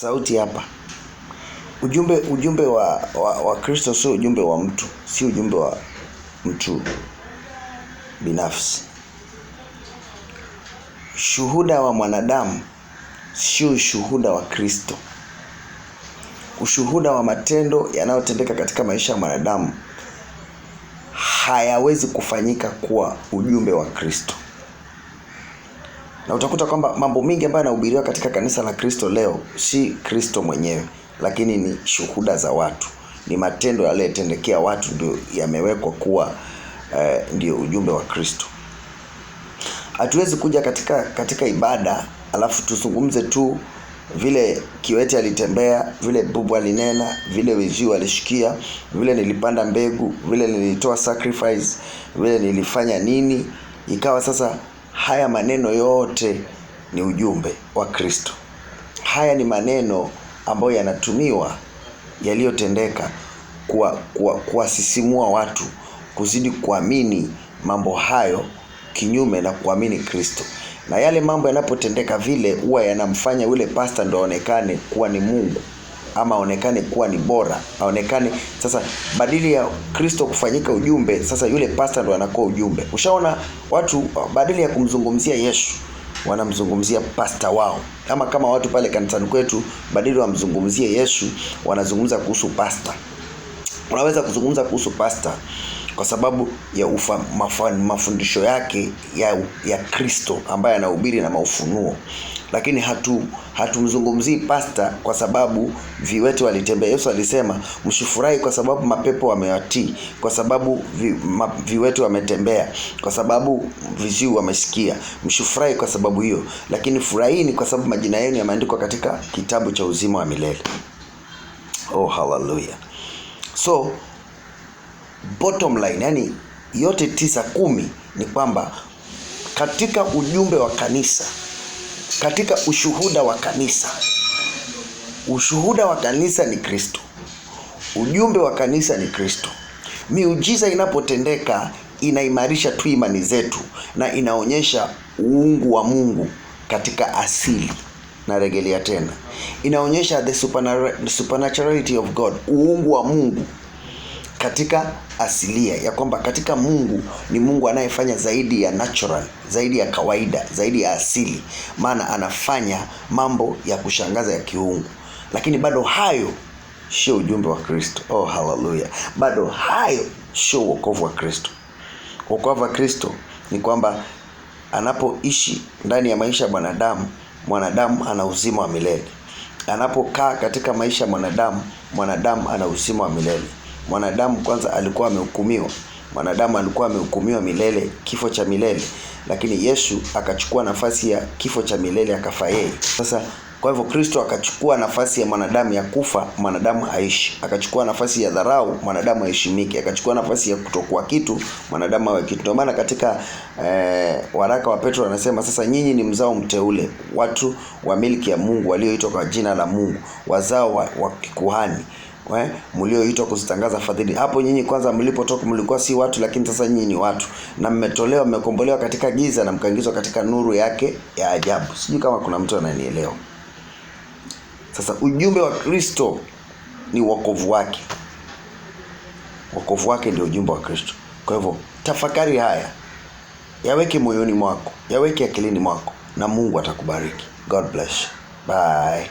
sauti hapa. Ujumbe ujumbe wa, wa, wa Kristo sio ujumbe wa mtu, si ujumbe wa mtu binafsi. Shuhuda wa mwanadamu sio ushuhuda wa Kristo. Ushuhuda wa matendo yanayotendeka katika maisha ya mwanadamu hayawezi kufanyika kuwa ujumbe wa Kristo na utakuta kwamba mambo mingi ambayo yanahubiriwa katika kanisa la Kristo leo si Kristo mwenyewe, lakini ni shuhuda za watu, ni matendo yaliyotendekea watu ndio yamewekwa kuwa eh, ndio ujumbe wa Kristo. Hatuwezi kuja katika katika ibada alafu tuzungumze tu vile kiwete alitembea, vile bubu alinena, vile weziu alishikia, vile nilipanda mbegu, vile nilitoa sacrifice, vile nilifanya nini, ikawa sasa Haya maneno yote ni ujumbe wa Kristo. Haya ni maneno ambayo yanatumiwa yaliyotendeka kuwasisimua kuwa, watu kuzidi kuamini mambo hayo kinyume na kuamini Kristo. Na yale mambo yanapotendeka vile, huwa yanamfanya yule pasta ndo aonekane kuwa ni Mungu ama aonekane kuwa ni bora, aonekane sasa. Badili ya Kristo kufanyika ujumbe, sasa yule pasta ndo anakuwa ujumbe. Ushaona watu badili ya kumzungumzia Yesu wanamzungumzia pasta wao, ama kama watu pale kanisani kwetu, badili wamzungumzie Yesu wanazungumza kuhusu pasta. Unaweza kuzungumza kuhusu pasta kwa sababu ya ufa, mafan, mafundisho yake ya, ya Kristo ambaye anahubiri na maufunuo, lakini hatu hatumzungumzii pasta kwa sababu viwete walitembea. Yesu alisema msifurahi kwa sababu mapepo wamewatii, kwa sababu vi, ma, viwete wametembea, kwa sababu viziwi wamesikia. Msifurahi kwa sababu hiyo, lakini furahini kwa sababu majina yenu yameandikwa katika kitabu cha uzima wa milele. Oh, haleluya! So bottom line, yani yote tisa kumi ni kwamba katika ujumbe wa kanisa, katika ushuhuda wa kanisa, ushuhuda wa kanisa ni Kristo, ujumbe wa kanisa ni Kristo. Miujiza inapotendeka inaimarisha tu imani zetu na inaonyesha uungu wa Mungu katika asili. naregelea tena, inaonyesha the supernaturality of God, uungu wa Mungu katika asilia ya kwamba katika Mungu ni Mungu anayefanya zaidi ya natural, zaidi ya kawaida, zaidi ya asili, maana anafanya mambo ya kushangaza ya kiungu, lakini bado hayo sio ujumbe wa Kristo. Oh, haleluya! Bado hayo sio wokovu wa Kristo. Wokovu wa Kristo ni kwamba anapoishi ndani ya maisha ya mwanadamu, mwanadamu ana uzima wa milele. Anapokaa katika maisha ya mwanadamu, mwanadamu ana uzima wa milele. Mwanadamu kwanza alikuwa amehukumiwa. Mwanadamu alikuwa amehukumiwa milele, kifo cha milele. Lakini Yesu akachukua nafasi ya kifo cha milele akafa yeye. Sasa kwa hivyo Kristo akachukua nafasi ya mwanadamu ya kufa, mwanadamu aishi. Akachukua nafasi ya dharau, mwanadamu aheshimike. Akachukua nafasi ya kutokuwa kitu, mwanadamu awe kitu. Ndio maana katika eh, waraka wa Petro anasema sasa nyinyi ni mzao mteule, watu wa milki ya Mungu walioitwa kwa jina la Mungu, wazao wa, wa kikuhani eh, mlioitwa kuzitangaza fadhili. Hapo nyinyi kwanza mlipotoka mlikuwa si watu, lakini sasa nyinyi ni watu na mmetolewa, mmekombolewa katika giza na mkaingizwa katika nuru yake ya ajabu. Sijui kama kuna mtu ananielewa. Sasa ujumbe wa Kristo ni wokovu wake, wokovu wake ndio ujumbe wa Kristo. Kwa hivyo tafakari haya, yaweke moyoni mwako, yaweke akilini mwako, na Mungu atakubariki. God bless Bye.